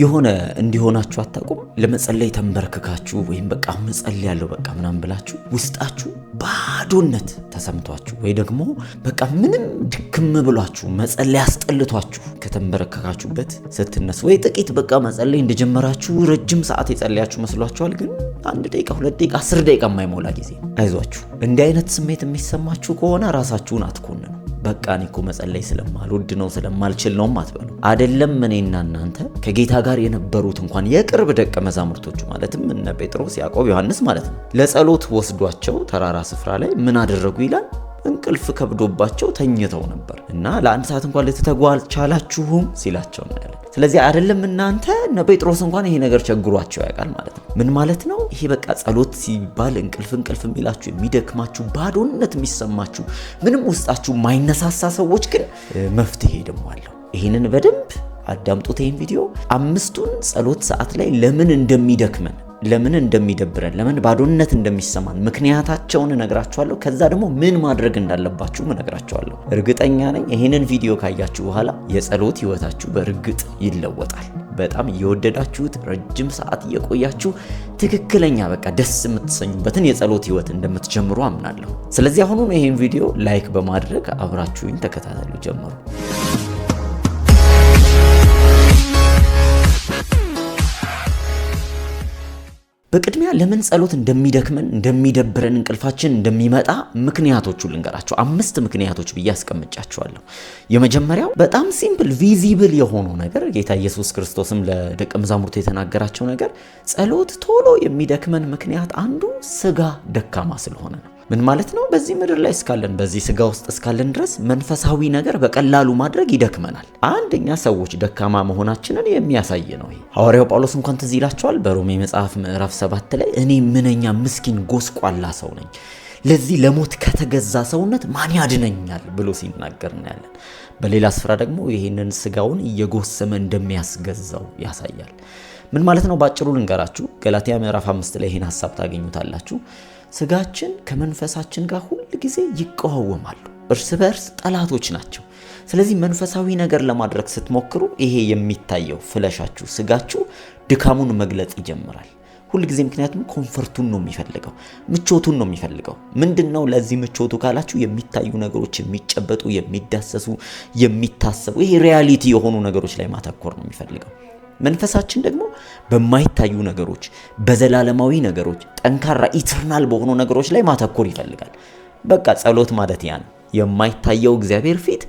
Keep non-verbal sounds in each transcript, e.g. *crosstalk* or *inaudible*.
የሆነ እንዲሆናችሁ አታውቁም? ለመጸለይ ተንበርክካችሁ ወይም በቃ መጸለይ ያለው በቃ ምናምን ብላችሁ ውስጣችሁ ባዶነት ተሰምቷችሁ ወይ ደግሞ በቃ ምንም ድክም ብሏችሁ መጸለይ አስጠልቷችሁ ከተንበረከካችሁበት ስትነሱ ወይ ጥቂት በቃ መጸለይ እንደጀመራችሁ ረጅም ሰዓት የጸለያችሁ መስሏችኋል፣ ግን አንድ ደቂቃ፣ ሁለት ደቂቃ፣ አስር ደቂቃ የማይሞላ ጊዜ አይዟችሁ። እንዲህ አይነት ስሜት የሚሰማችሁ ከሆነ ራሳችሁን አትኮንኑ። በቃ እኔ እኮ መጸለይ ስለማልወድ ነው ስለማልችል ነው አትበሉ። አደለም እኔና እናንተ ከጌታ ጋር የነበሩት እንኳን የቅርብ ደቀ መዛሙርቶቹ ማለትም እነ ጴጥሮስ፣ ያዕቆብ፣ ዮሐንስ ማለት ነው ለጸሎት ወስዷቸው ተራራ ስፍራ ላይ ምን አደረጉ ይላል እንቅልፍ ከብዶባቸው ተኝተው ነበር እና ለአንድ ሰዓት እንኳን ልትተጉ አልቻላችሁም ሲላቸው እናያለን። ስለዚህ አይደለም እናንተ እነ ጴጥሮስ እንኳን ይሄ ነገር ቸግሯቸው ያውቃል ማለት ነው። ምን ማለት ነው ይሄ? በቃ ጸሎት ሲባል እንቅልፍ እንቅልፍ የሚላችሁ የሚደክማችሁ፣ ባዶነት የሚሰማችሁ፣ ምንም ውስጣችሁ ማይነሳሳ ሰዎች ግን መፍትሄ ደግሞ አለው። ይህንን በደንብ አዳምጡት። ይህን ቪዲዮ አምስቱን ጸሎት ሰዓት ላይ ለምን እንደሚደክመን ለምን እንደሚደብረን ለምን ባዶነት እንደሚሰማን ምክንያታቸውን እነግራችኋለሁ። ከዛ ደግሞ ምን ማድረግ እንዳለባችሁ እነግራችኋለሁ። እርግጠኛ ነኝ ይህንን ቪዲዮ ካያችሁ በኋላ የጸሎት ህይወታችሁ በእርግጥ ይለወጣል። በጣም እየወደዳችሁት ረጅም ሰዓት እየቆያችሁ ትክክለኛ በቃ ደስ የምትሰኙበትን የጸሎት ህይወት እንደምትጀምሩ አምናለሁ። ስለዚህ አሁኑ ይህን ቪዲዮ ላይክ በማድረግ አብራችሁኝ ተከታተሉ ጀምሩ። በቅድሚያ ለምን ጸሎት እንደሚደክመን እንደሚደብረን እንቅልፋችን እንደሚመጣ ምክንያቶቹ ልንገራቸው። አምስት ምክንያቶች ብዬ አስቀምጫቸዋለሁ። የመጀመሪያው በጣም ሲምፕል ቪዚብል የሆነው ነገር ጌታ ኢየሱስ ክርስቶስም ለደቀ መዛሙርቱ የተናገራቸው ነገር ጸሎት ቶሎ የሚደክመን ምክንያት አንዱ ስጋ ደካማ ስለሆነ ነው። ምን ማለት ነው? በዚህ ምድር ላይ እስካለን በዚህ ስጋ ውስጥ እስካለን ድረስ መንፈሳዊ ነገር በቀላሉ ማድረግ ይደክመናል። አንደኛ ሰዎች ደካማ መሆናችንን የሚያሳይ ነው። ይሄ ሐዋርያው ጳውሎስ እንኳን ትዝ ይላቸዋል በሮሜ መጽሐፍ ምዕራፍ 7 ላይ እኔ ምንኛ ምስኪን ጎስቋላ ሰው ነኝ፣ ለዚህ ለሞት ከተገዛ ሰውነት ማን ያድነኛል ብሎ ሲናገር እናያለን። በሌላ ስፍራ ደግሞ ይህንን ስጋውን እየጎሰመ እንደሚያስገዛው ያሳያል። ምን ማለት ነው? በአጭሩ ልንገራችሁ። ገላትያ ምዕራፍ 5 ላይ ይህን ሀሳብ ታገኙታላችሁ። ስጋችን ከመንፈሳችን ጋር ሁል ጊዜ ይቀዋወማሉ። እርስ በእርስ ጠላቶች ናቸው። ስለዚህ መንፈሳዊ ነገር ለማድረግ ስትሞክሩ ይሄ የሚታየው ፍለሻችሁ፣ ስጋችሁ ድካሙን መግለጽ ይጀምራል ሁልጊዜ። ምክንያቱም ኮንፈርቱን ነው የሚፈልገው፣ ምቾቱን ነው የሚፈልገው። ምንድን ነው ለዚህ ምቾቱ ካላችሁ የሚታዩ ነገሮች፣ የሚጨበጡ፣ የሚዳሰሱ፣ የሚታሰቡ ይሄ ሪያሊቲ የሆኑ ነገሮች ላይ ማተኮር ነው የሚፈልገው። መንፈሳችን ደግሞ በማይታዩ ነገሮች፣ በዘላለማዊ ነገሮች፣ ጠንካራ ኢተርናል በሆኑ ነገሮች ላይ ማተኮር ይፈልጋል። በቃ ጸሎት ማለት ያ ነው። የማይታየው እግዚአብሔር ፊት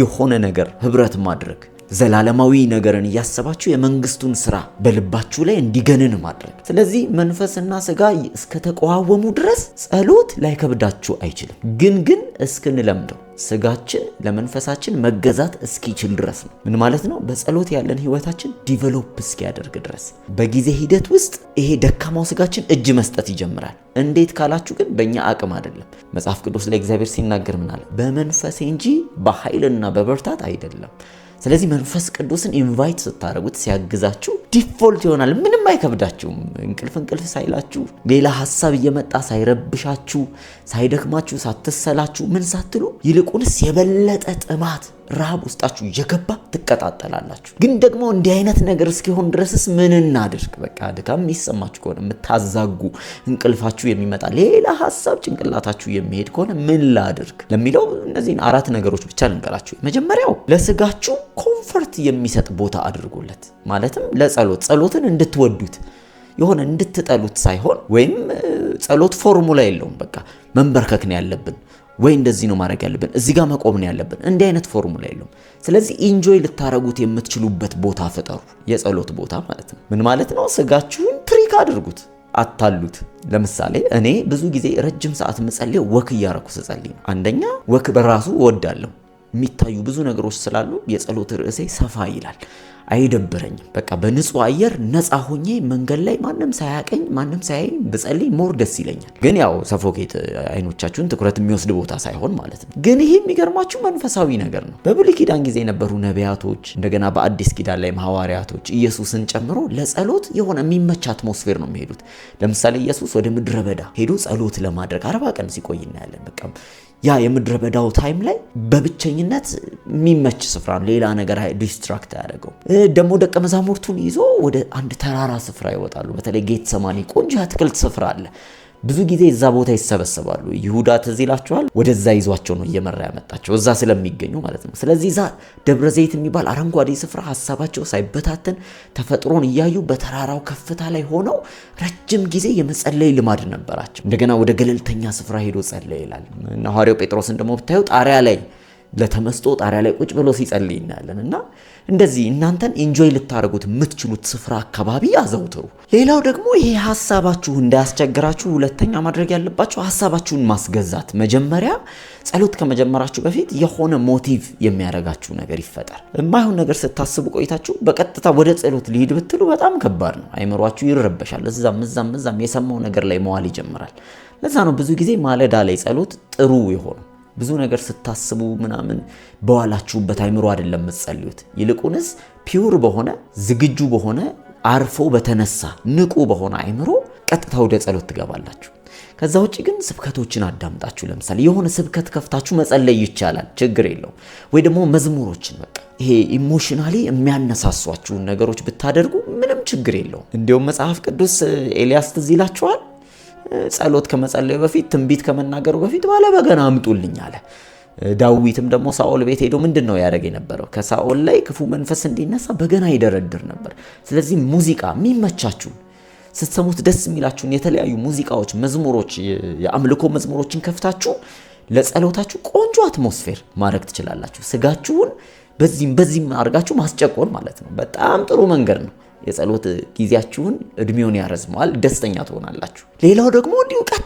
የሆነ ነገር ህብረት ማድረግ ዘላለማዊ ነገርን እያሰባችሁ የመንግስቱን ስራ በልባችሁ ላይ እንዲገንን ማድረግ። ስለዚህ መንፈስና ስጋ እስከተቀዋወሙ ድረስ ጸሎት ላይከብዳችሁ አይችልም። ግን ግን እስክንለምደው ስጋችን ለመንፈሳችን መገዛት እስኪችል ድረስ ነው። ምን ማለት ነው? በጸሎት ያለን ህይወታችን ዲቨሎፕ እስኪያደርግ ድረስ በጊዜ ሂደት ውስጥ ይሄ ደካማው ስጋችን እጅ መስጠት ይጀምራል። እንዴት ካላችሁ ግን በእኛ አቅም አይደለም። መጽሐፍ ቅዱስ ላይ እግዚአብሔር ሲናገር ምናለ በመንፈሴ እንጂ በኃይልና በበርታት አይደለም ስለዚህ መንፈስ ቅዱስን ኢንቫይት ስታደርጉት ሲያግዛችሁ ዲፎልት ይሆናል። ምንም አይከብዳችሁም። እንቅልፍ እንቅልፍ ሳይላችሁ፣ ሌላ ሀሳብ እየመጣ ሳይረብሻችሁ፣ ሳይደክማችሁ፣ ሳትሰላችሁ፣ ምን ሳትሉ ይልቁንስ የበለጠ ጥማት ረሃብ ውስጣችሁ እየገባ ትቀጣጠላላችሁ። ግን ደግሞ እንዲህ አይነት ነገር እስኪሆን ድረስስ ምን እናድርግ? በቃ ድካም የሚሰማችሁ ከሆነ የምታዛጉ፣ እንቅልፋችሁ የሚመጣ ሌላ ሀሳብ ጭንቅላታችሁ የሚሄድ ከሆነ ምን ላድርግ ለሚለው እነዚህን አራት ነገሮች ብቻ ልንገራችሁ። መጀመሪያው ለስጋችሁ ኮንፈርት የሚሰጥ ቦታ አድርጉለት። ማለትም ለጸሎት ጸሎትን እንድትወዱት የሆነ እንድትጠሉት ሳይሆን ወይም ጸሎት ፎርሙላ የለውም። በቃ መንበርከክን ያለብን ወይ እንደዚህ ነው ማድረግ ያለብን፣ እዚህ ጋር መቆም ነው ያለብን። እንዲህ አይነት ፎርሙላ የለውም። ስለዚህ ኢንጆይ ልታረጉት የምትችሉበት ቦታ ፍጠሩ፣ የጸሎት ቦታ ማለት ነው። ምን ማለት ነው? ስጋችሁን ትሪክ አድርጉት፣ አታሉት። ለምሳሌ እኔ ብዙ ጊዜ ረጅም ሰዓት የምጸልየው ወክ እያረኩ ስጸልይ ነው። አንደኛ ወክ በራሱ እወዳለሁ የሚታዩ ብዙ ነገሮች ስላሉ የጸሎት ርዕሴ ሰፋ ይላል። አይደብረኝም። በቃ በንጹህ አየር ነፃ ሆኜ መንገድ ላይ ማንም ሳያቀኝ ማንም ሳያይኝ ብጸልይ ሞር ደስ ይለኛል። ግን ያው ሰፎኬት አይኖቻችሁን ትኩረት የሚወስድ ቦታ ሳይሆን ማለት ነው። ግን ይህ የሚገርማችሁ መንፈሳዊ ነገር ነው። በብሉይ ኪዳን ጊዜ የነበሩ ነቢያቶች፣ እንደገና በአዲስ ኪዳን ላይም ሐዋርያቶች ኢየሱስን ጨምሮ ለጸሎት የሆነ የሚመች አትሞስፌር ነው የሚሄዱት። ለምሳሌ ኢየሱስ ወደ ምድረ በዳ ሄዶ ጸሎት ለማድረግ አርባ ቀን ሲቆይ እናያለን። በቃ ያ የምድረ በዳው ታይም ላይ በብቸኝነት የሚመች ስፍራ ነው። ሌላ ነገር ዲስትራክት አያደርገው። ደግሞ ደቀ መዛሙርቱን ይዞ ወደ አንድ ተራራ ስፍራ ይወጣሉ። በተለይ ጌት ሰማኒ ቆንጆ አትክልት ስፍራ አለ። ብዙ ጊዜ እዛ ቦታ ይሰበሰባሉ። ይሁዳ ትዝ ይላችኋል፣ ወደዛ ይዟቸው ነው እየመራ ያመጣቸው እዛ ስለሚገኙ ማለት ነው። ስለዚህ እዛ ደብረ ዘይት የሚባል አረንጓዴ ስፍራ ሀሳባቸው ሳይበታተን ተፈጥሮን እያዩ በተራራው ከፍታ ላይ ሆነው ረጅም ጊዜ የመጸለይ ልማድ ነበራቸው። እንደገና ወደ ገለልተኛ ስፍራ ሄዶ ጸለይ ይላል እና ሐዋርያው ጴጥሮስን ደግሞ ብታዩ ጣሪያ ላይ ለተመስጦ ጣሪያ ላይ ቁጭ ብሎ ሲጸልይ እናያለን እና እንደዚህ እናንተን ኢንጆይ ልታደርጉት የምትችሉት ስፍራ አካባቢ አዘውትሩ። ሌላው ደግሞ ይሄ ሀሳባችሁ እንዳያስቸግራችሁ ሁለተኛ ማድረግ ያለባችሁ ሀሳባችሁን ማስገዛት። መጀመሪያ ጸሎት ከመጀመራችሁ በፊት የሆነ ሞቲቭ የሚያደርጋችሁ ነገር ይፈጠር። የማይሆን ነገር ስታስቡ ቆይታችሁ በቀጥታ ወደ ጸሎት ሊሄድ ብትሉ በጣም ከባድ ነው። አይምሯችሁ ይረበሻል። እዛም እዛም እዛም የሰማው ነገር ላይ መዋል ይጀምራል። ለዛ ነው ብዙ ጊዜ ማለዳ ላይ ጸሎት ጥሩ የሆነው። ብዙ ነገር ስታስቡ ምናምን በዋላችሁበት አይምሮ አይደለም የምትጸልዩት። ይልቁንስ ፒውር በሆነ ዝግጁ በሆነ አርፎ በተነሳ ንቁ በሆነ አይምሮ ቀጥታ ወደ ጸሎት ትገባላችሁ። ከዛ ውጭ ግን ስብከቶችን አዳምጣችሁ ለምሳሌ የሆነ ስብከት ከፍታችሁ መጸለይ ይቻላል፣ ችግር የለውም። ወይ ደግሞ መዝሙሮችን በቃ ይሄ ኢሞሽናሊ የሚያነሳሷችሁን ነገሮች ብታደርጉ ምንም ችግር የለውም። እንዲሁም መጽሐፍ ቅዱስ ኤልያስ ትዝ ይላችኋል ጸሎት ከመጸለዩ በፊት ትንቢት ከመናገሩ በፊት በገና አምጡልኝ አለ። ዳዊትም ደግሞ ሳኦል ቤት ሄዶ ምንድን ነው ያደረግ የነበረው? ከሳኦል ላይ ክፉ መንፈስ እንዲነሳ በገና ይደረድር ነበር። ስለዚህ ሙዚቃ የሚመቻችሁን ስትሰሙት ደስ የሚላችሁን የተለያዩ ሙዚቃዎች፣ መዝሙሮች፣ የአምልኮ መዝሙሮችን ከፍታችሁ ለጸሎታችሁ ቆንጆ አትሞስፌር ማድረግ ትችላላችሁ። ስጋችሁን በዚህም በዚህም አድርጋችሁ ማስጨቆን ማለት ነው። በጣም ጥሩ መንገድ ነው። የጸሎት ጊዜያችሁን እድሜውን ያረዝመዋል፣ ደስተኛ ትሆናላችሁ። ሌላው ደግሞ እንዲሁ ቀጥ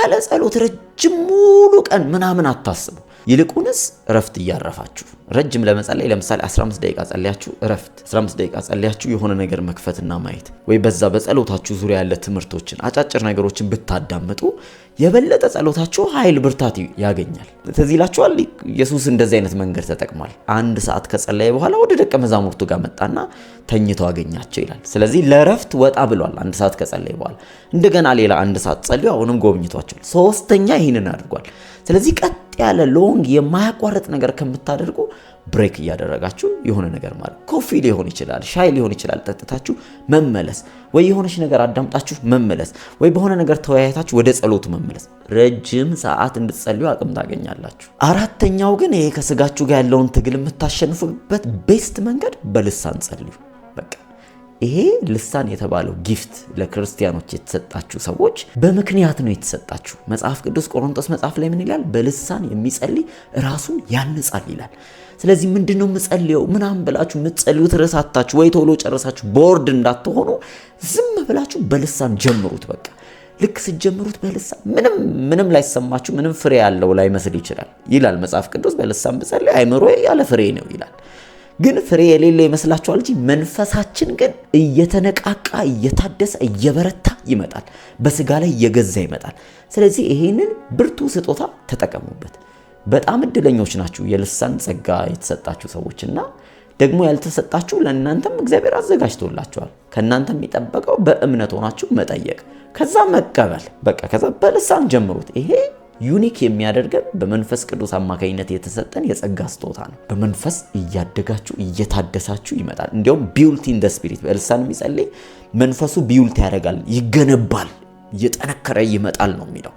ያለ ጸሎት ረጅም ሙሉ ቀን ምናምን አታስቡ። ይልቁንስ እረፍት እያረፋችሁ ረጅም ለመጸለይ ለምሳሌ 15 ደቂቃ ጸልያችሁ እረፍት 15 ደቂቃ ጸልያችሁ የሆነ ነገር መክፈትና ማየት ወይ በዛ በጸሎታችሁ ዙሪያ ያለ ትምህርቶችን አጫጭር ነገሮችን ብታዳምጡ የበለጠ ጸሎታችሁ ኃይል ብርታት ያገኛል። ትዝ ይላችኋል፣ ኢየሱስ እንደዚህ አይነት መንገድ ተጠቅሟል። አንድ ሰዓት ከጸለየ በኋላ ወደ ደቀ መዛሙርቱ ጋር መጣና ተኝተው አገኛቸው ይላል። ስለዚህ ለእረፍት ወጣ ብሏል። አንድ ሰዓት ከጸለይ በኋላ እንደገና ሌላ አንድ ሰዓት ጸልዮ አሁንም ጎብኝቷቸዋል። ሶስተኛ ይህንን አድርጓል። ስለዚህ ቀጥ ያለ ሎንግ የማያቋርጥ ነገር ከምታደርጉ ብሬክ እያደረጋችሁ የሆነ ነገር ማለት ኮፊ ሊሆን ይችላል፣ ሻይ ሊሆን ይችላል። ጠጥታችሁ መመለስ ወይ የሆነች ነገር አዳምጣችሁ መመለስ ወይ በሆነ ነገር ተወያየታችሁ ወደ ጸሎቱ መመለስ፣ ረጅም ሰዓት እንድትጸልዩ አቅም ታገኛላችሁ። አራተኛው ግን ይሄ ከስጋችሁ ጋር ያለውን ትግል የምታሸንፉበት ቤስት መንገድ በልሳን ጸልዩ። በቃ ይሄ ልሳን የተባለው ጊፍት ለክርስቲያኖች የተሰጣችሁ ሰዎች በምክንያት ነው የተሰጣችሁ። መጽሐፍ ቅዱስ ቆሮንቶስ መጽሐፍ ላይ ምን ይላል? በልሳን የሚጸልይ ራሱን ያንጻል ይላል። ስለዚህ ምንድን ነው የምጸልየው ምናምን ብላችሁ የምትጸልዩት ርሳታችሁ ወይ ቶሎ ጨረሳችሁ ቦርድ እንዳትሆኑ ዝም ብላችሁ በልሳን ጀምሩት። በቃ ልክ ስትጀምሩት በልሳን ምንም ምንም ላይሰማችሁ ምንም ፍሬ ያለው ላይመስል ይችላል ይላል መጽሐፍ ቅዱስ። በልሳን ብጸልይ አይምሮ ያለ ፍሬ ነው ይላል ግን ፍሬ የሌለው ይመስላችኋል እንጂ መንፈሳችን ግን እየተነቃቃ እየታደሰ እየበረታ ይመጣል፣ በስጋ ላይ እየገዛ ይመጣል። ስለዚህ ይሄንን ብርቱ ስጦታ ተጠቀሙበት። በጣም እድለኞች ናችሁ የልሳን ጸጋ የተሰጣችሁ ሰዎችና ደግሞ ያልተሰጣችሁ ለእናንተም እግዚአብሔር አዘጋጅቶላችኋል። ከእናንተ የሚጠበቀው በእምነት ሆናችሁ መጠየቅ፣ ከዛ መቀበል። በቃ ከዛ በልሳን ጀምሩት ይሄ ዩኒክ የሚያደርገን በመንፈስ ቅዱስ አማካኝነት የተሰጠን የጸጋ ስጦታ ነው። በመንፈስ እያደጋችሁ እየታደሳችሁ ይመጣል። እንዲያውም ቢውልት ኢን ደ ስፒሪት በልሳን የሚጸልይ መንፈሱ ቢውልት ያደርጋል፣ ይገነባል፣ እየጠነከረ ይመጣል ነው የሚለው።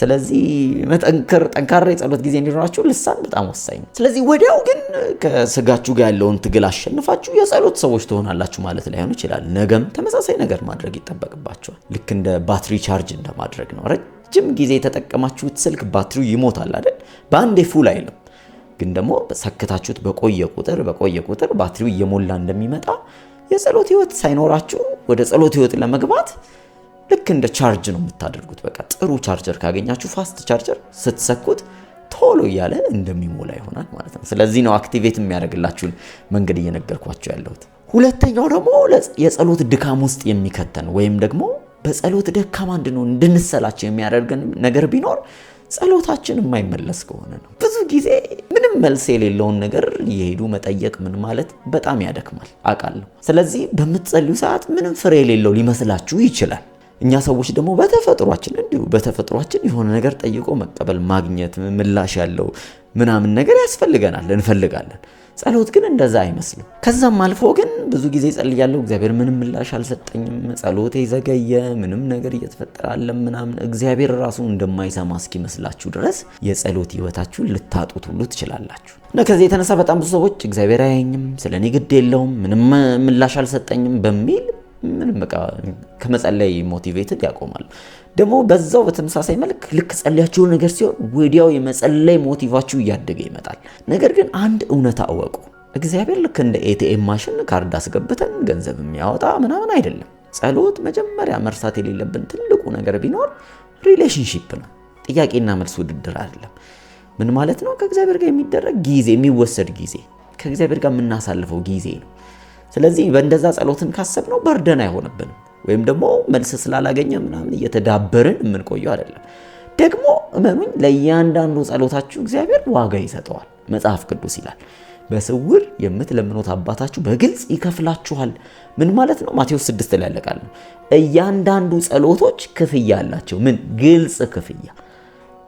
ስለዚህ መጠንከር ጠንካራ የጸሎት ጊዜ እንዲኖራችሁ ልሳን በጣም ወሳኝ ነው። ስለዚህ ወዲያው ግን ከስጋችሁ ጋር ያለውን ትግል አሸንፋችሁ የጸሎት ሰዎች ትሆናላችሁ ማለት ላይሆን ይችላል። ነገም ተመሳሳይ ነገር ማድረግ ይጠበቅባቸዋል። ልክ እንደ ባትሪ ቻርጅ እንደማድረግ ነው። ረጅም ጊዜ የተጠቀማችሁት ስልክ ባትሪው ይሞታል አይደል? በአንዴ ፉል አይልም። ግን ደግሞ ሰክታችሁት በቆየ ቁጥር በቆየ ቁጥር ባትሪው እየሞላ እንደሚመጣ የጸሎት ህይወት ሳይኖራችሁ ወደ ጸሎት ህይወት ለመግባት ልክ እንደ ቻርጅ ነው የምታደርጉት። በቃ ጥሩ ቻርጀር ካገኛችሁ ፋስት ቻርጀር ስትሰኩት ቶሎ እያለ እንደሚሞላ ይሆናል ማለት ነው። ስለዚህ ነው አክቲቬት የሚያደርግላችሁን መንገድ እየነገርኳቸው ያለሁት። ሁለተኛው ደግሞ የጸሎት ድካም ውስጥ የሚከተን ወይም ደግሞ በጸሎት ደካማ እንድንሆን እንድንሰላቸው የሚያደርገን ነገር ቢኖር ጸሎታችን የማይመለስ ከሆነ ነው። ብዙ ጊዜ ምንም መልስ የሌለውን ነገር የሄዱ መጠየቅ ምን ማለት በጣም ያደክማል አውቃለሁ። ስለዚህ በምትጸልዩ ሰዓት ምንም ፍሬ የሌለው ሊመስላችሁ ይችላል። እኛ ሰዎች ደግሞ በተፈጥሯችን እንዲሁ በተፈጥሯችን የሆነ ነገር ጠይቆ መቀበል፣ ማግኘት፣ ምላሽ ያለው ምናምን ነገር ያስፈልገናል፣ እንፈልጋለን ጸሎት ግን እንደዛ አይመስልም። ከዛም አልፎ ግን ብዙ ጊዜ ጸልያለሁ፣ እግዚአብሔር ምንም ምላሽ አልሰጠኝም፣ ጸሎቴ ዘገየ፣ ምንም ነገር እየተፈጠራለ ምናምን እግዚአብሔር ራሱ እንደማይሰማ እስኪመስላችሁ ድረስ የጸሎት ህይወታችሁን ልታጡት ሁሉ ትችላላችሁ። እና ከዚህ የተነሳ በጣም ብዙ ሰዎች እግዚአብሔር አያየኝም፣ ስለ እኔ ግድ የለውም፣ ምንም ምላሽ አልሰጠኝም በሚል ምንም በቃ ከመጸለይ ሞቲቬትድ ያቆማሉ። ደግሞ በዛው በተመሳሳይ መልክ ልክ ጸልያችሁ ነገር ሲሆን ወዲያው የመጸለይ ሞቲቫችሁ እያደገ ይመጣል። ነገር ግን አንድ እውነት አወቁ እግዚአብሔር ልክ እንደ ኤቲኤም ማሽን ካርድ አስገብተን ገንዘብ የሚያወጣ ምናምን አይደለም። ጸሎት መጀመሪያ መርሳት የሌለብን ትልቁ ነገር ቢኖር ሪሌሽንሺፕ ነው። ጥያቄና መልስ ውድድር አይደለም። ምን ማለት ነው? ከእግዚአብሔር ጋር የሚደረግ ጊዜ የሚወሰድ ጊዜ ከእግዚአብሔር ጋር የምናሳልፈው ጊዜ ነው። ስለዚህ በእንደዛ ጸሎትን ካሰብነው በርደን አይሆንብንም። ወይም ደግሞ መልስ ስላላገኘ ምናምን እየተዳበርን የምንቆየው አይደለም። ደግሞ እመኑኝ ለእያንዳንዱ ጸሎታችሁ እግዚአብሔር ዋጋ ይሰጠዋል። መጽሐፍ ቅዱስ ይላል በስውር የምትለምኑት አባታችሁ በግልጽ ይከፍላችኋል። ምን ማለት ነው? ማቴዎስ 6 ላይ ያለቃል ነው። እያንዳንዱ ጸሎቶች ክፍያ አላቸው። ምን ግልጽ ክፍያ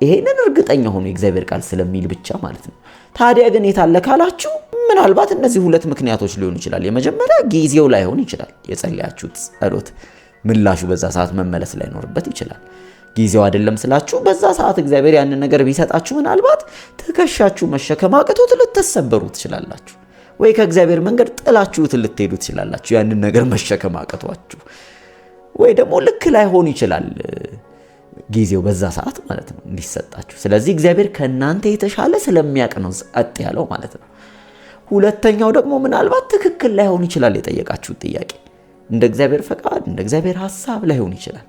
ይሄንን እርግጠኛ ሆኖ የእግዚአብሔር ቃል ስለሚል ብቻ ማለት ነው። ታዲያ ግን የታለ ካላችሁ ምናልባት እነዚህ ሁለት ምክንያቶች ሊሆኑ ይችላል። የመጀመሪያ ጊዜው ላይሆን ይችላል። የጸለያችሁት ጸሎት ምላሹ በዛ ሰዓት መመለስ ላይኖርበት ይችላል። ጊዜው አይደለም ስላችሁ በዛ ሰዓት እግዚአብሔር ያንን ነገር ቢሰጣችሁ ምናልባት ትከሻችሁ መሸከም አቅቶት ልትሰበሩ ትችላላችሁ፣ ወይ ከእግዚአብሔር መንገድ ጥላችሁት ልትሄዱ ትችላላችሁ። ያንን ነገር መሸከም አቅቷችሁ ወይ ደግሞ ልክ ላይሆን ይችላል ጊዜው በዛ ሰዓት ማለት ነው እንዲሰጣችሁ። ስለዚህ እግዚአብሔር ከእናንተ የተሻለ ስለሚያውቅ ነው ጸጥ ያለው ማለት ነው። ሁለተኛው ደግሞ ምናልባት ትክክል ላይሆን ይችላል። የጠየቃችሁት ጥያቄ እንደ እግዚአብሔር ፈቃድ፣ እንደ እግዚአብሔር ሀሳብ ላይሆን ይችላል።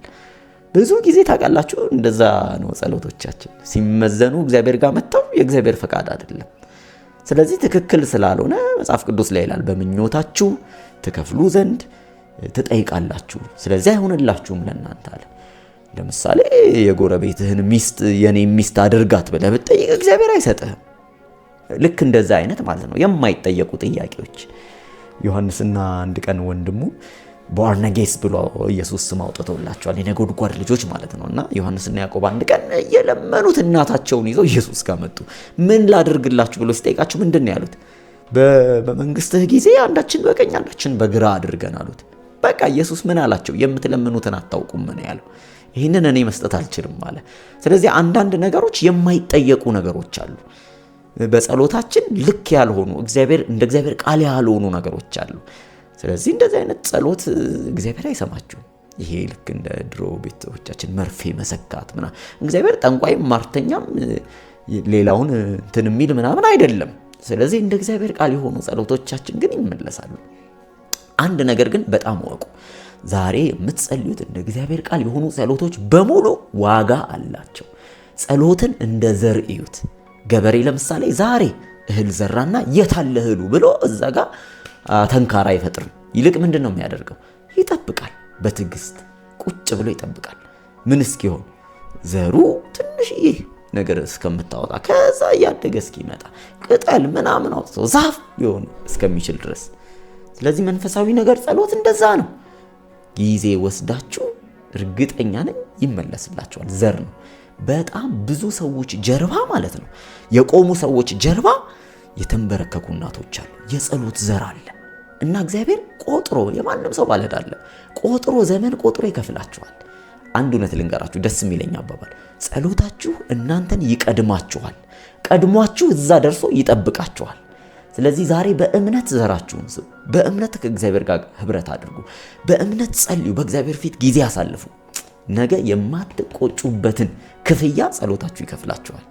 ብዙ ጊዜ ታውቃላችሁ፣ እንደዛ ነው ጸሎቶቻችን ሲመዘኑ እግዚአብሔር ጋር መጥተው የእግዚአብሔር ፈቃድ አይደለም። ስለዚህ ትክክል ስላልሆነ መጽሐፍ ቅዱስ ላይ ይላል በምኞታችሁ ትከፍሉ ዘንድ ትጠይቃላችሁ፣ ስለዚህ አይሆንላችሁም ለእናንተ አለ። ለምሳሌ የጎረቤትህን ሚስት የኔ ሚስት አድርጋት ብለህ ብትጠይቅ እግዚአብሔር አይሰጥህም። ልክ እንደዛ አይነት ማለት ነው የማይጠየቁ ጥያቄዎች። ዮሐንስና አንድ ቀን ወንድሙ ቦርነጌስ ብሎ ኢየሱስ ስም አውጥቶላቸዋል የነጎድጓድ ልጆች ማለት ነው። እና ዮሐንስና ያዕቆብ አንድ ቀን እየለመኑት እናታቸውን ይዘው ኢየሱስ ጋር መጡ። ምን ላድርግላችሁ ብሎ ሲጠይቃቸው ምንድን ነው ያሉት? በመንግስትህ ጊዜ አንዳችን በቀኝ አንዳችን በግራ አድርገን አሉት። በቃ ኢየሱስ ምን አላቸው? የምትለምኑትን አታውቁም ነው ያለው። ይህንን እኔ መስጠት አልችልም አለ። ስለዚህ አንዳንድ ነገሮች የማይጠየቁ ነገሮች አሉ። በጸሎታችን ልክ ያልሆኑ እግዚአብሔር እንደ እግዚአብሔር ቃል ያልሆኑ ነገሮች አሉ። ስለዚህ እንደዚህ አይነት ጸሎት እግዚአብሔር አይሰማችሁም። ይሄ ልክ እንደ ድሮ ቤተሰቦቻችን መርፌ መሰካት ምናምን እግዚአብሔር ጠንቋይም ማርተኛም ሌላውን እንትን የሚል ምናምን አይደለም። ስለዚህ እንደ እግዚአብሔር ቃል የሆኑ ጸሎቶቻችን ግን ይመለሳሉ። አንድ ነገር ግን በጣም ወቁ ዛሬ የምትጸልዩት እንደ እግዚአብሔር ቃል የሆኑ ጸሎቶች በሙሉ ዋጋ አላቸው። ጸሎትን እንደ ዘር እዩት። ገበሬ ለምሳሌ ዛሬ እህል ዘራና የታለ እህሉ ብሎ እዛ ጋ ተንካራ አይፈጥርም። ይልቅ ምንድን ነው የሚያደርገው? ይጠብቃል። በትዕግስት ቁጭ ብሎ ይጠብቃል። ምን እስኪሆን ዘሩ ትንሽዬ ነገር እስከምታወጣ ከዛ እያደገ እስኪመጣ ቅጠል ምናምን አውጥቶ ዛፍ ሊሆን እስከሚችል ድረስ። ስለዚህ መንፈሳዊ ነገር ጸሎት እንደዛ ነው። ጊዜ ወስዳችሁ እርግጠኛ ነኝ ይመለስላችኋል። ዘር ነው። በጣም ብዙ ሰዎች ጀርባ ማለት ነው የቆሙ ሰዎች ጀርባ የተንበረከኩ እናቶች አሉ። የጸሎት ዘር አለ እና እግዚአብሔር ቆጥሮ የማንም ሰው ባለዕዳ አለ ቆጥሮ ዘመን ቆጥሮ ይከፍላችኋል። አንድ እውነት ልንገራችሁ፣ ደስ የሚለኝ አባባል ጸሎታችሁ እናንተን ይቀድማችኋል፣ ቀድሟችሁ እዛ ደርሶ ይጠብቃችኋል። ስለዚህ ዛሬ በእምነት ዘራችሁን ስቡ። በእምነት ከእግዚአብሔር ጋር ህብረት አድርጉ። በእምነት ጸልዩ። በእግዚአብሔር ፊት ጊዜ አሳልፉ። ነገ የማትቆጩበትን ክፍያ ጸሎታችሁ ይከፍላችኋል።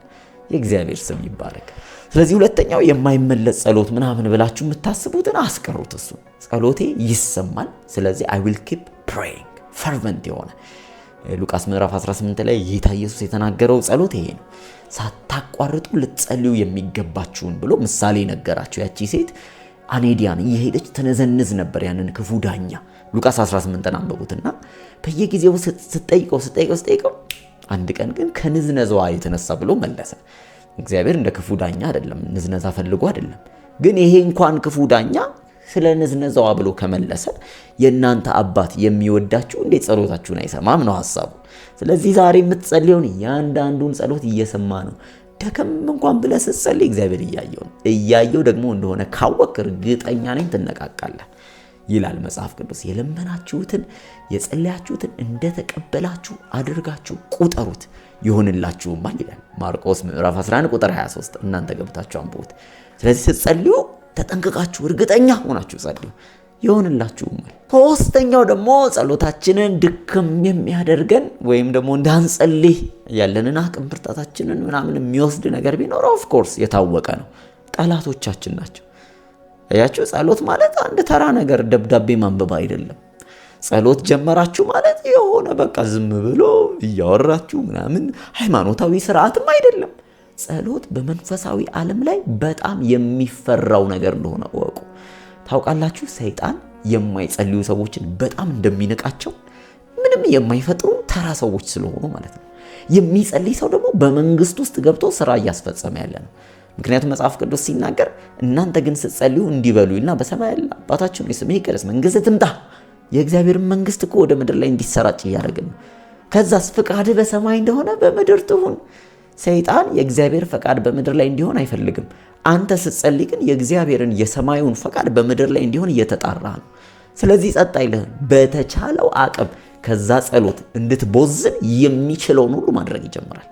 የእግዚአብሔር ስም ይባረክ። ስለዚህ ሁለተኛው የማይመለስ ጸሎት ምናምን ብላችሁ የምታስቡትን አስቀሩት። እሱ ጸሎቴ ይሰማል። ስለዚህ አይ ዊል ኪፕ ፕሬይንግ ፈርቨንት የሆነ ሉቃስ ምዕራፍ 18 ላይ ጌታ ኢየሱስ የተናገረው ጸሎት ይሄ ነው። ሳታቋርጡ ልትጸልዩ የሚገባችሁን ብሎ ምሳሌ ነገራቸው። ያቺ ሴት አኔዲያን እየሄደች ትነዘንዝ ነበር ያንን ክፉ ዳኛ። ሉቃስ 18ን አንብቡትና በየጊዜው ስጠይቀው ስጠይቀው ስጠይቀው አንድ ቀን ግን ከንዝነዛዋ የተነሳ ብሎ መለሰ። እግዚአብሔር እንደ ክፉ ዳኛ አይደለም፣ ንዝነዛ ፈልጎ አይደለም። ግን ይሄ እንኳን ክፉ ዳኛ ስለ ንዝነዛዋ ብሎ ከመለሰ የእናንተ አባት የሚወዳችሁ እንዴት ጸሎታችሁን አይሰማም ነው ሀሳቡ። ስለዚህ ዛሬ የምትጸልየውን ያንዳንዱን ጸሎት እየሰማ ነው። ደከም እንኳን ብለህ ስትጸልይ እግዚአብሔር እያየው ነው። እያየው ደግሞ እንደሆነ ካወቅ እርግጠኛ ነኝ ትነቃቃለህ ይላል መጽሐፍ ቅዱስ። የለመናችሁትን የጸለያችሁትን እንደተቀበላችሁ አድርጋችሁ ቁጠሩት ይሆንላችሁማል ይላል ማርቆስ ምዕራፍ 11 ቁጥር 23። እናንተ ገብታችሁ አንብቡት። ስለዚህ ስትጸልዩ ተጠንቅቃችሁ እርግጠኛ ሆናችሁ ጸልዩ፣ ይሆንላችሁማል። ሶስተኛው ደግሞ ጸሎታችንን ድክም የሚያደርገን ወይም ደግሞ እንዳንጸልይ ያለንን አቅም ብርታታችንን ምናምን የሚወስድ ነገር ቢኖር ኦፍኮርስ የታወቀ ነው፣ ጠላቶቻችን ናቸው። እያችሁ ጸሎት ማለት አንድ ተራ ነገር ደብዳቤ ማንበብ አይደለም። ጸሎት ጀመራችሁ ማለት የሆነ በቃ ዝም ብሎ እያወራችሁ ምናምን ሃይማኖታዊ ስርዓትም አይደለም። ጸሎት በመንፈሳዊ ዓለም ላይ በጣም የሚፈራው ነገር እንደሆነ እወቁ። ታውቃላችሁ፣ ሰይጣን የማይጸልዩ ሰዎችን በጣም እንደሚንቃቸው ምንም የማይፈጥሩ ተራ ሰዎች ስለሆኑ ማለት ነው። የሚጸልይ ሰው ደግሞ በመንግስት ውስጥ ገብቶ ስራ እያስፈጸመ ያለ ነው። ምክንያቱም መጽሐፍ ቅዱስ ሲናገር እናንተ ግን ስትጸልዩ እንዲበሉ እና በሰማይ ያለ አባታችን ሆይ ስምህ ይቀደስ፣ ትምጣ። የእግዚአብሔርን መንግስት እኮ ወደ ምድር ላይ እንዲሰራጭ እያደረግን ነው። ከዛስ ፍቃድህ በሰማይ እንደሆነ በምድር ትሁን። ሰይጣን የእግዚአብሔር ፈቃድ በምድር ላይ እንዲሆን አይፈልግም። አንተ ስትጸልይ ግን የእግዚአብሔርን የሰማዩን ፈቃድ በምድር ላይ እንዲሆን እየተጣራ ነው። ስለዚህ ጸጥ አይልህም። በተቻለው አቅም ከዛ ጸሎት እንድትቦዝን የሚችለውን ሁሉ ማድረግ ይጀምራል።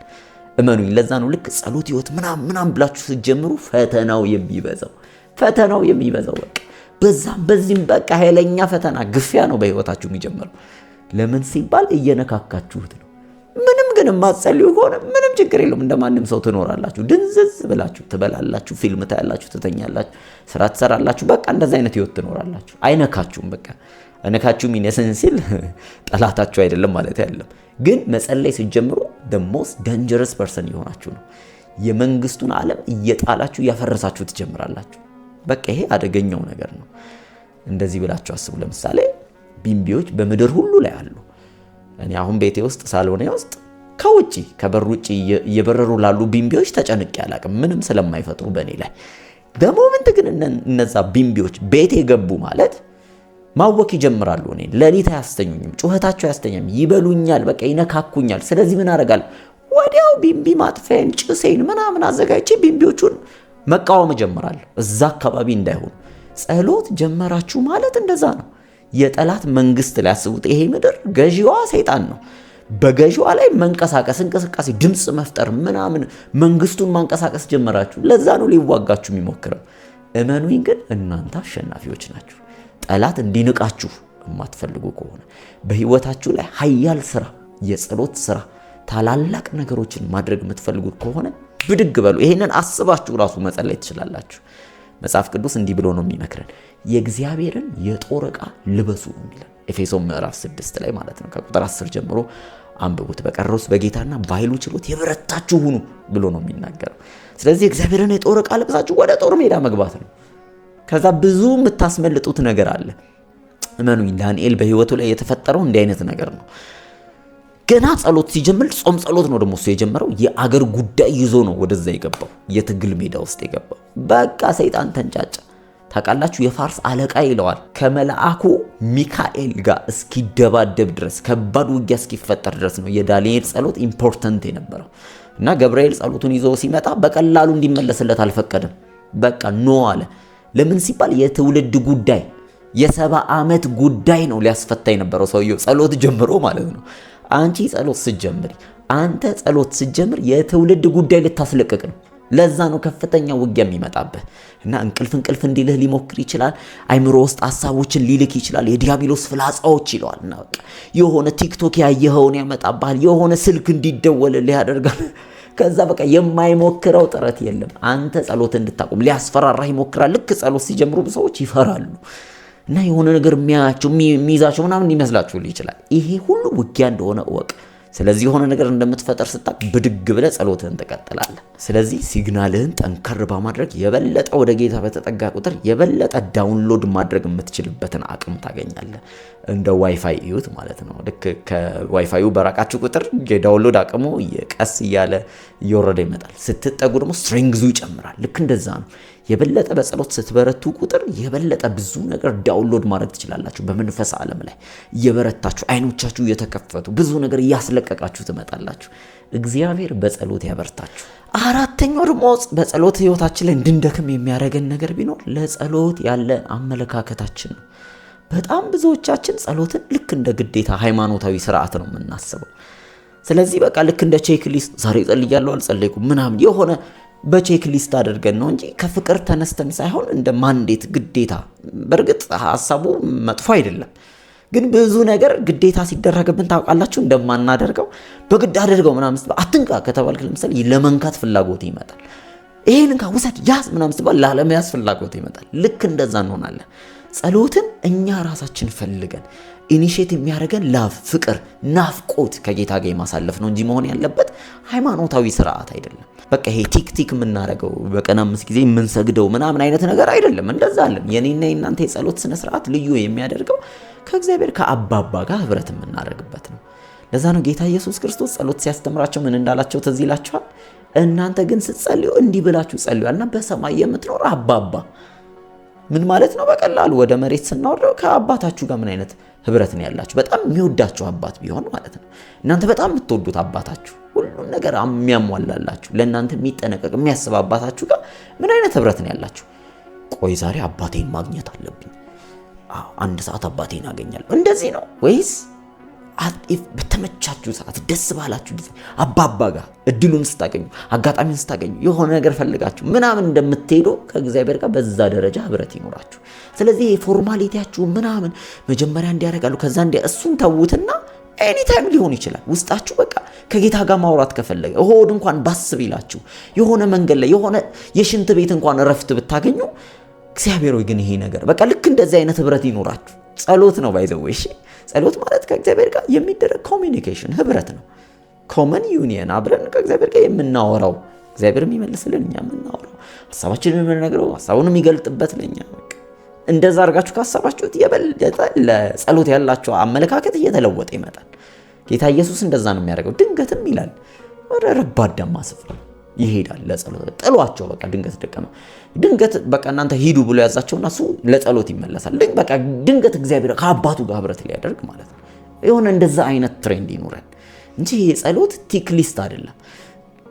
እመኑኝ፣ ለዛ ነው ልክ ጸሎት ህይወት ምናም ምናም ብላችሁ ስትጀምሩ ፈተናው የሚበዛው ፈተናው የሚበዛው በቃ በዛም በዚህም በቃ ኃይለኛ ፈተና ግፊያ ነው በህይወታችሁ የሚጀምረው። ለምን ሲባል እየነካካችሁት ግን የማትጸልዩ ከሆነ ምንም ችግር የለውም። እንደ ማንም ሰው ትኖራላችሁ። ድንዝዝ ብላችሁ ትበላላችሁ፣ ፊልም ታያላችሁ፣ ትተኛላችሁ፣ ስራ ትሰራላችሁ። በቃ እንደዚ አይነት ህይወት ትኖራላችሁ። አይነካችሁም። በቃ አይነካችሁም። ይነስን ሲል *laughs* ጠላታችሁ አይደለም ማለት አይደለም። ግን መጸለይ ሲጀምሩ ደ ሞስት ደንጀረስ ፐርሰን የሆናችሁ ነው። የመንግስቱን ዓለም እየጣላችሁ እያፈረሳችሁ ትጀምራላችሁ። በቃ ይሄ አደገኛው ነገር ነው። እንደዚህ ብላችሁ አስቡ። ለምሳሌ ቢምቢዎች በምድር ሁሉ ላይ አሉ። እኔ አሁን ቤቴ ውስጥ ሳሎኔ ውስጥ ከውጭ ከበር ውጭ እየበረሩ ላሉ ቢምቢዎች ተጨንቄ አላቅም፣ ምንም ስለማይፈጥሩ በእኔ ላይ በሞመንት ግን እነዛ ቢምቢዎች ቤት የገቡ ማለት ማወክ ይጀምራሉ። እኔ ሌሊት አያስተኙኝም፣ ጩኸታቸው አያስተኛም፣ ይበሉኛል፣ በቃ ይነካኩኛል። ስለዚህ ምን አደርጋለሁ? ወዲያው ቢምቢ ማጥፊያን፣ ጭሴን ምናምን አዘጋጅቼ ቢምቢዎቹን መቃወም እጀምራለሁ፣ እዛ አካባቢ እንዳይሆኑ። ጸሎት ጀመራችሁ ማለት እንደዛ ነው። የጠላት መንግስት ሊያስቡት ይሄ ምድር ገዢዋ ሰይጣን ነው። በገዢዋ ላይ መንቀሳቀስ እንቅስቃሴ ድምፅ መፍጠር ምናምን መንግስቱን ማንቀሳቀስ ጀመራችሁ። ለዛ ነው ሊዋጋችሁ የሚሞክረው። እመኑኝ ግን እናንተ አሸናፊዎች ናችሁ። ጠላት እንዲንቃችሁ የማትፈልጉ ከሆነ በህይወታችሁ ላይ ሀያል ስራ፣ የጸሎት ስራ፣ ታላላቅ ነገሮችን ማድረግ የምትፈልጉ ከሆነ ብድግ በሉ። ይህንን አስባችሁ ራሱ መጸለይ ትችላላችሁ። መጽሐፍ ቅዱስ እንዲህ ብሎ ነው የሚመክረን፣ የእግዚአብሔርን የጦር ዕቃ ልበሱ ነው የሚለን ኤፌሶን ምዕራፍ 6 ላይ ማለት ነው ከቁጥር 10 ጀምሮ አንብቡት፣ በቀረውስ በጌታና በኃይሉ ችሎት የበረታችሁ ሁኑ ብሎ ነው የሚናገረው። ስለዚህ እግዚአብሔርን የጦር ዕቃ ለብሳችሁ ወደ ጦር ሜዳ መግባት ነው። ከዛ ብዙ የምታስመልጡት ነገር አለ። እመኑኝ፣ ዳንኤል በህይወቱ ላይ የተፈጠረው እንዲህ አይነት ነገር ነው። ገና ጸሎት ሲጀምር ጾም ጸሎት ነው ደግሞ እሱ የጀመረው። የአገር ጉዳይ ይዞ ነው ወደዛ የገባው፣ የትግል ሜዳ ውስጥ የገባው። በቃ ሰይጣን ተንጫጫ። ታውቃላችሁ፣ የፋርስ አለቃ ይለዋል ከመልአኩ ሚካኤል ጋር እስኪደባደብ ድረስ ከባድ ውጊያ እስኪፈጠር ድረስ ነው የዳንኤል ጸሎት ኢምፖርተንት የነበረው እና ገብርኤል ጸሎቱን ይዞ ሲመጣ በቀላሉ እንዲመለስለት አልፈቀደም። በቃ ኖ አለ። ለምን ሲባል የትውልድ ጉዳይ የሰባ ዓመት ጉዳይ ነው ሊያስፈታ የነበረው ሰውየው ጸሎት ጀምሮ ማለት ነው። አንቺ ጸሎት ስትጀምሪ፣ አንተ ጸሎት ስትጀምር የትውልድ ጉዳይ ልታስለቅቅ ነው። ለዛ ነው ከፍተኛ ውጊያ የሚመጣብህ እና እንቅልፍ እንቅልፍ እንዲልህ ሊሞክር ይችላል። አይምሮ ውስጥ ሀሳቦችን ሊልክ ይችላል። የዲያብሎስ ፍላጻዎች ይለዋል እና በቃ የሆነ ቲክቶክ ያየኸውን ያመጣብሃል። የሆነ ስልክ እንዲደወልልህ ያደርጋል። *laughs* ከዛ በቃ የማይሞክረው ጥረት የለም። አንተ ጸሎት እንድታቆም ሊያስፈራራህ ይሞክራል። ልክ ጸሎት ሲጀምሩ ሰዎች ይፈራሉ እና የሆነ ነገር የሚያያቸው የሚይዛቸው ምናምን ሊመስላችሁ ይችላል። ይሄ ሁሉ ውጊያ እንደሆነ እወቅ። ስለዚህ የሆነ ነገር እንደምትፈጠር ስታቅ ብድግ ብለ ጸሎትህን ትቀጥላለ። ስለዚህ ሲግናልህን ጠንከር በማድረግ የበለጠ ወደ ጌታ በተጠጋ ቁጥር የበለጠ ዳውንሎድ ማድረግ የምትችልበትን አቅም ታገኛለህ። እንደ ዋይፋይ እዩት ማለት ነው። ልክ ከዋይፋዩ በራቃችሁ ቁጥር የዳውንሎድ አቅሙ ቀስ እያለ እየወረደ ይመጣል። ስትጠጉ ደግሞ ስትሪንግዙ ይጨምራል። ልክ እንደዛ ነው። የበለጠ በጸሎት ስትበረቱ ቁጥር የበለጠ ብዙ ነገር ዳውንሎድ ማድረግ ትችላላችሁ። በመንፈስ ዓለም ላይ እየበረታችሁ፣ አይኖቻችሁ እየተከፈቱ ብዙ ነገር እያስለቀቃችሁ ትመጣላችሁ። እግዚአብሔር በጸሎት ያበርታችሁ። አራተኛው ደግሞ በጸሎት ህይወታችን ላይ እንድንደክም የሚያደርገን ነገር ቢኖር ለጸሎት ያለ አመለካከታችን ነው። በጣም ብዙዎቻችን ጸሎትን ልክ እንደ ግዴታ ሃይማኖታዊ ስርዓት ነው የምናስበው። ስለዚህ በቃ ልክ እንደ ቼክ ሊስት ዛሬ ጸልያለሁ አልጸለይኩም ምናምን የሆነ በቼክ ሊስት አድርገን ነው እንጂ ከፍቅር ተነስተን ሳይሆን እንደ ማንዴት ግዴታ። በእርግጥ ሀሳቡ መጥፎ አይደለም፣ ግን ብዙ ነገር ግዴታ ሲደረግብን ታውቃላችሁ፣ እንደማናደርገው በግድ አድርገው ምናምን ስትባል አትንካ ከተባልክ ለምሳሌ ለመንካት ፍላጎት ይመጣል። ይሄን እንካ ውሰድ ያዝ ምናምን ስትባል ላለመያዝ ፍላጎት ይመጣል። ልክ እንደዛ እንሆናለን። ጸሎትን እኛ ራሳችን ፈልገን ኢኒሼት የሚያደርገን ላቭ፣ ፍቅር፣ ናፍቆት ከጌታ ጋር የማሳለፍ ነው እንጂ መሆን ያለበት ሃይማኖታዊ ስርዓት አይደለም። በቃ ይሄ ቲክቲክ የምናደርገው በቀን አምስት ጊዜ የምንሰግደው ምናምን አይነት ነገር አይደለም። እንደዛ አለን። የኔና የእናንተ የጸሎት ስነስርዓት ልዩ የሚያደርገው ከእግዚአብሔር ከአባባ ጋር ህብረት የምናደርግበት ነው። ለዛ ነው ጌታ ኢየሱስ ክርስቶስ ጸሎት ሲያስተምራቸው ምን እንዳላቸው ትዝ ይላችኋል። እናንተ ግን ስትጸልዩ እንዲህ ብላችሁ ጸልዩ አልና በሰማይ የምትኖር አባባ ምን ማለት ነው? በቀላሉ ወደ መሬት ስናወርደው ከአባታችሁ ጋር ምን አይነት ህብረት ነው ያላችሁ? በጣም የሚወዳችሁ አባት ቢሆን ማለት ነው። እናንተ በጣም የምትወዱት አባታችሁ ሁሉም ነገር የሚያሟላላችሁ፣ ለእናንተ የሚጠነቀቅ የሚያስብ አባታችሁ ጋር ምን አይነት ህብረት ነው ያላችሁ? ቆይ ዛሬ አባቴን ማግኘት አለብኝ፣ አንድ ሰዓት አባቴን አገኛለሁ። እንደዚህ ነው ወይስ አጤፍ በተመቻችሁ ሰዓት ደስ ባላችሁ ጊዜ አባባ ጋር እድሉን ስታገኙ አጋጣሚውን ስታገኙ የሆነ ነገር ፈልጋችሁ ምናምን እንደምትሄዱ ከእግዚአብሔር ጋር በዛ ደረጃ ህብረት ይኖራችሁ። ስለዚህ የፎርማሊቲያችሁ ምናምን መጀመሪያ እንዲያደርጋሉ ከዛ እንዲ እሱን ተዉትና ኤኒታይም ሊሆን ይችላል። ውስጣችሁ በቃ ከጌታ ጋር ማውራት ከፈለገ ሆድ እንኳን ባስብ ይላችሁ የሆነ መንገድ ላይ የሆነ የሽንት ቤት እንኳን እረፍት ብታገኙ እግዚአብሔር ወይ ግን ይሄ ነገር በቃ ልክ እንደዚህ አይነት ህብረት ይኖራችሁ። ጸሎት ነው ባይዘው። እሺ ጸሎት ማለት ከእግዚአብሔር ጋር የሚደረግ ኮሚኒኬሽን ህብረት ነው። ኮመን ዩኒየን አብረን ከእግዚአብሔር ጋር የምናወራው እግዚአብሔር የሚመልስልን እኛ የምናወራው ሀሳባችን የምንነግረው ሀሳቡን የሚገልጥበት ለኛ እንደዛ አድርጋችሁ ካሰባችሁት የበለጠ ለጸሎት ያላችሁ አመለካከት እየተለወጠ ይመጣል። ጌታ ኢየሱስ እንደዛ ነው የሚያደርገው። ድንገትም ይላል ወደ ረባዳማ ስፍራ ይሄዳል ለጸሎት ጥሏቸው በቃ ድንገት ደቀመ ድንገት በቃ እናንተ ሂዱ ብሎ ያዛቸውና እሱ ለጸሎት ይመለሳል። ድንገት በቃ ድንገት እግዚአብሔር ከአባቱ ጋር ህብረት ሊያደርግ ማለት ነው። የሆነ እንደዛ አይነት ትሬንድ ይኑረን እንጂ ይሄ ጸሎት ቲክ ሊስት አይደለም።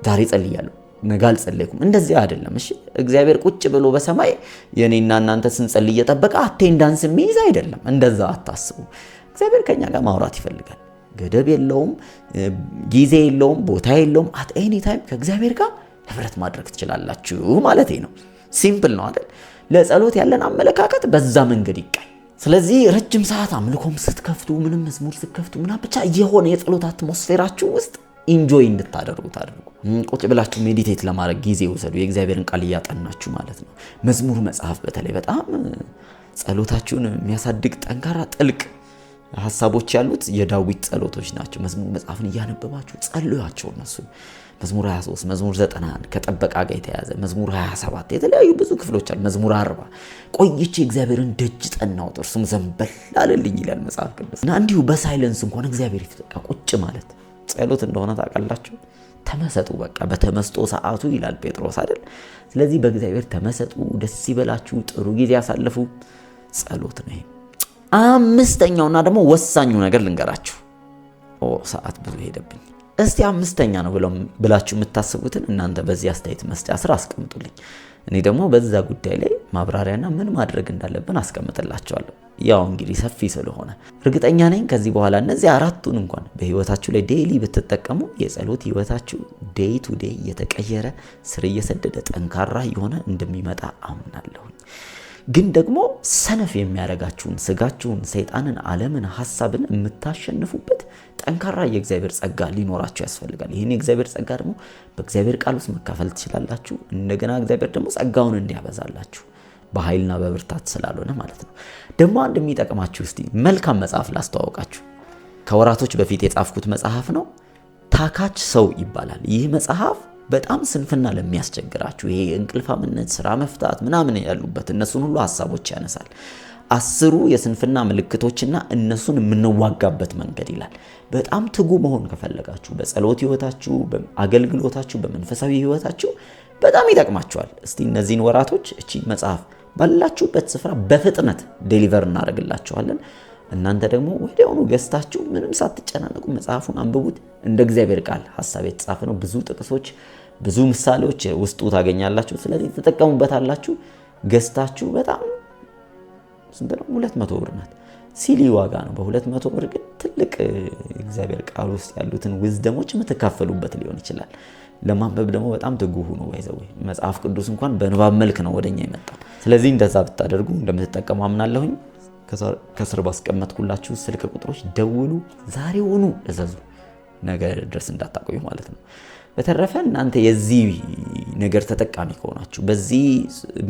ዛሬ ጸልያለሁ ነገ አልጸለይኩም እንደዚህ አይደለም። እሺ እግዚአብሔር ቁጭ ብሎ በሰማይ የኔና እናንተ ስንጸልይ እየጠበቀ አቴንዳንስ የሚይዝ አይደለም። እንደዛ አታስቡ። እግዚአብሔር ከኛ ጋር ማውራት ይፈልጋል። ገደብ የለውም። ጊዜ የለውም፣ ቦታ የለውም። አት ኤኒ ታይም ከእግዚአብሔር ጋር ህብረት ማድረግ ትችላላችሁ ማለት ነው። ሲምፕል ነው አይደል? ለጸሎት ያለን አመለካከት በዛ መንገድ ይቃኝ። ስለዚህ ረጅም ሰዓት አምልኮም ስትከፍቱ፣ ምንም መዝሙር ስትከፍቱ ምና ብቻ የሆነ የጸሎት አትሞስፌራችሁ ውስጥ ኢንጆይ እንድታደርጉ ታደርጉ። ቁጭ ብላችሁ ሜዲቴት ለማድረግ ጊዜ ውሰዱ። የእግዚአብሔርን ቃል እያጠናችሁ ማለት ነው። መዝሙር መጽሐፍ በተለይ በጣም ጸሎታችሁን የሚያሳድግ ጠንካራ ጥልቅ ሀሳቦች ያሉት የዳዊት ጸሎቶች ናቸው። መዝሙር መጽሐፍን እያነበባችሁ ጸልያቸው እነሱ መዝሙር 23፣ መዝሙር 91 ከጠበቃ ጋር የተያዘ መዝሙር 27 የተለያዩ ብዙ ክፍሎች አሉ። መዝሙር 40 ቆይቼ እግዚአብሔርን ደጅ ጠናሁት እርሱም ዘንበል አለልኝ ይላል መጽሐፍ ቅዱስ እና እንዲሁ በሳይለንስ እንኳን እግዚአብሔር ፊት በቃ ቁጭ ማለት ጸሎት እንደሆነ ታውቃላችሁ። ተመሰጡ በቃ በተመስጦ ሰዓቱ ይላል ጴጥሮስ አይደል? ስለዚህ በእግዚአብሔር ተመሰጡ፣ ደስ ይበላችሁ፣ ጥሩ ጊዜ ያሳልፉ። ጸሎት ነው። አምስተኛውና ደግሞ ወሳኙ ነገር ልንገራችሁ። ሰዓት ብዙ ሄደብኝ። እስቲ አምስተኛ ነው ብላችሁ የምታስቡትን እናንተ በዚህ አስተያየት መስጫ ስር አስቀምጡልኝ። እኔ ደግሞ በዛ ጉዳይ ላይ ማብራሪያና ምን ማድረግ እንዳለብን አስቀምጥላቸዋለሁ። ያው እንግዲህ ሰፊ ስለሆነ እርግጠኛ ነኝ ከዚህ በኋላ እነዚህ አራቱን እንኳን በህይወታችሁ ላይ ዴይሊ ብትጠቀሙ የጸሎት ህይወታችሁ ዴይ ቱ ዴይ እየተቀየረ ስር እየሰደደ ጠንካራ የሆነ እንደሚመጣ አምናለሁ። ግን ደግሞ ሰነፍ የሚያደርጋችሁን ስጋችሁን፣ ሰይጣንን፣ ዓለምን፣ ሀሳብን የምታሸንፉበት ጠንካራ የእግዚአብሔር ጸጋ ሊኖራችሁ ያስፈልጋል። ይህን የእግዚአብሔር ጸጋ ደግሞ በእግዚአብሔር ቃል ውስጥ መካፈል ትችላላችሁ። እንደገና እግዚአብሔር ደግሞ ጸጋውን እንዲያበዛላችሁ በኃይልና በብርታት ስላልሆነ ማለት ነው። ደግሞ አንድ የሚጠቅማችሁ እስቲ መልካም መጽሐፍ ላስተዋወቃችሁ። ከወራቶች በፊት የጻፍኩት መጽሐፍ ነው። ታካች ሰው ይባላል። ይህ መጽሐፍ በጣም ስንፍና ለሚያስቸግራችሁ ይሄ እንቅልፋምነት፣ ስራ መፍታት ምናምን ያሉበት እነሱን ሁሉ ሀሳቦች ያነሳል። አስሩ የስንፍና ምልክቶችና እነሱን የምንዋጋበት መንገድ ይላል። በጣም ትጉ መሆን ከፈለጋችሁ በጸሎት ህይወታችሁ፣ በአገልግሎታችሁ፣ በመንፈሳዊ ህይወታችሁ በጣም ይጠቅማችኋል። እስቲ እነዚህን ወራቶች እቺ መጽሐፍ ባላችሁበት ስፍራ በፍጥነት ዴሊቨር እናደርግላችኋለን። እናንተ ደግሞ ወዲያውኑ ገዝታችሁ ምንም ሳትጨናነቁ መጽሐፉን አንብቡት። እንደ እግዚአብሔር ቃል ሀሳብ የተጻፈ ነው። ብዙ ጥቅሶች ብዙ ምሳሌዎች ውስጡ ታገኛላችሁ። ስለዚህ ትጠቀሙበታላችሁ። ገዝታችሁ በጣም ስንት ነው? ሁለት መቶ ብር ናት። ሲሊ ዋጋ ነው። በሁለት መቶ ብር ግን ትልቅ እግዚአብሔር ቃል ውስጥ ያሉትን ውዝደሞች የምትካፈሉበት ሊሆን ይችላል። ለማንበብ ደግሞ በጣም ትጉሁ ነው። ይዘው መጽሐፍ ቅዱስ እንኳን በንባብ መልክ ነው ወደኛ የመጣው። ስለዚህ እንደዛ ብታደርጉ እንደምትጠቀሙ አምናለሁኝ። ከስር ባስቀመጥኩላችሁ ስልክ ቁጥሮች ደውሉ፣ ዛሬውኑ እዘዙ። ነገ ድረስ እንዳታቆዩ ማለት ነው። በተረፈ እናንተ የዚህ ነገር ተጠቃሚ ከሆናችሁ በዚህ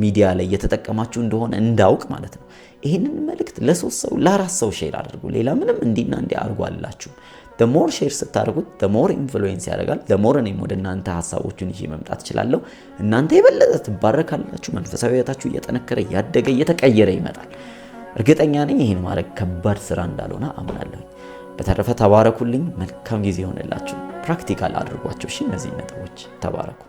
ሚዲያ ላይ እየተጠቀማችሁ እንደሆነ እንዳውቅ ማለት ነው። ይህንን መልእክት ለሶስት ሰው ለአራት ሰው ሼር አድርጉ። ሌላ ምንም እንዲና እንዲ አድርጉ አላችሁ። ደሞር ሼር ስታደርጉት ደሞር ኢንፍሉዌንስ ያደርጋል። ደሞር እኔም ወደ እናንተ ሀሳቦችን ይዤ መምጣት እችላለሁ። እናንተ የበለጠ ትባረካላችሁ። መንፈሳዊ ህይወታችሁ እየጠነከረ እያደገ እየተቀየረ ይመጣል። እርግጠኛ ነኝ ይህን ማድረግ ከባድ ስራ እንዳልሆነ አምናለሁ። በተረፈ ተባረኩልኝ። መልካም ጊዜ ይሆንላችሁ። ፕራክቲካል አድርጓቸው። እሺ፣ እነዚህ ነጥቦች ተባረኩ።